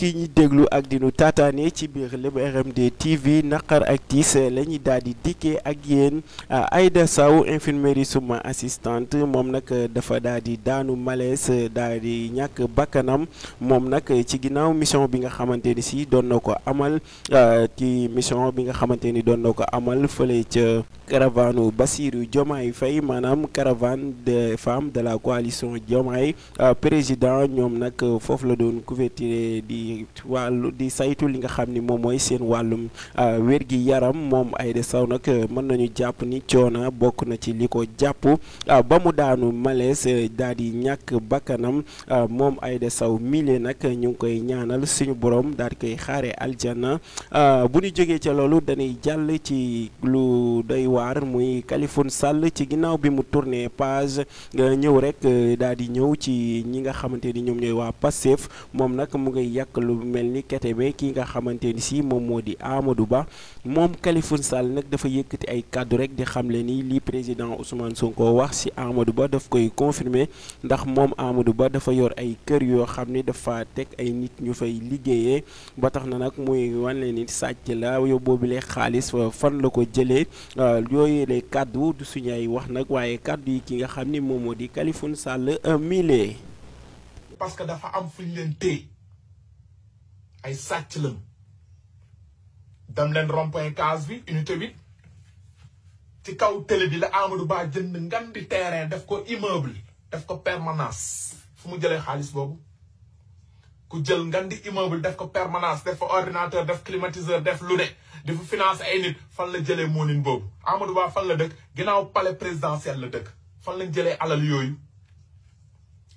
mbokk yi ñu déglu ak dinu taataane ci biir léb RMD TV naqar ak tiis la ñuy daal di dikkee ak yéen euh, Aïda Sow infirmerie suma assistante moom nag euh, dafa daal di daanu malaise daal di ñàkk bakkanam moom nag euh, ci ginnaaw mission bi nga xamante ni si doon na ko amal ci mission bi nga xamante ni doon na ko amal fële ca caravane Bassirou Diomaye Faye maanaam caravane de femmes de la coalition Diomaye président ñoom nag foofu la doon couverture di di lu di saytu li nga xam ni moom mooy seen wàllum euh, wér gi yaram moom Aida Sow nag euh, mën nañu jàpp ni coona bokk na ci li ko jàpp euh, ba mu daanu malaise daal di ñàkk bakkanam moom Aida Sow mile nag ñu ngi koy ñaanal suñu borom daal di koy xaare aljana bu ñu jógee ca loolu dañuy jàll ci lu doy waar muy kalifon Sall ci ginnaaw bi mu tourné page ñëw rek daal ñëw ci ñi nga xamante ni ñoom ñooy waa Pastef moom nag mu ngay yàq lu mel ni Ketebe ki nga xamante ni si moom moo di Amadou Ba moom Khalifoun Sall nag dafa yëkkati ay kàddu rek di xamle nii li président Ousmane Sonko wax si Amadou Ba daf koy confirmer ndax moom Amadou Ba dafa yor ay kër yoo xam ni dafa teg ay nit ñu fay liggéeyee ba tax na nag muy wane ni sàcc la yow boobule xaalis fan la ko jëlee euh, yooyu les kàddu du suñ ay wax nag waaye kàddu yi ki nga xam ni moom moo di Khalifoun Sall euh, miile. parce que dafa am fu leen ay sàcc lañ dem leen rond-point case bi unité bi ci kaw télé bi la Amadou baa jënd ngan di terrain def ko immeuble def ko permanence fu mu jëlee xaalis boobu ku jël ngan di immeuble def ko permanence def fa ordinateur def climatiseur def lu ne di fa financer ay nit fan la jëlee moo moonin boobu Amadou Ba fan la dëkk ginnaaw pale présidentiel la dëkk fan lañ jëlee alal yooyu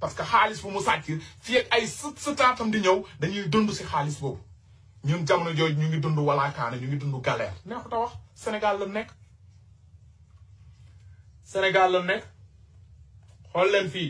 parce que xaalis bu mu sàcc fii ak ay sët sëtaatam di ñëw dañuy dund si xaalis boobu ñun jamono jooju ñu ngi dund walaakaane ñu ngi dund galère. neexut a wax Sénégal la nekk Sénégal la nekk xool leen fii.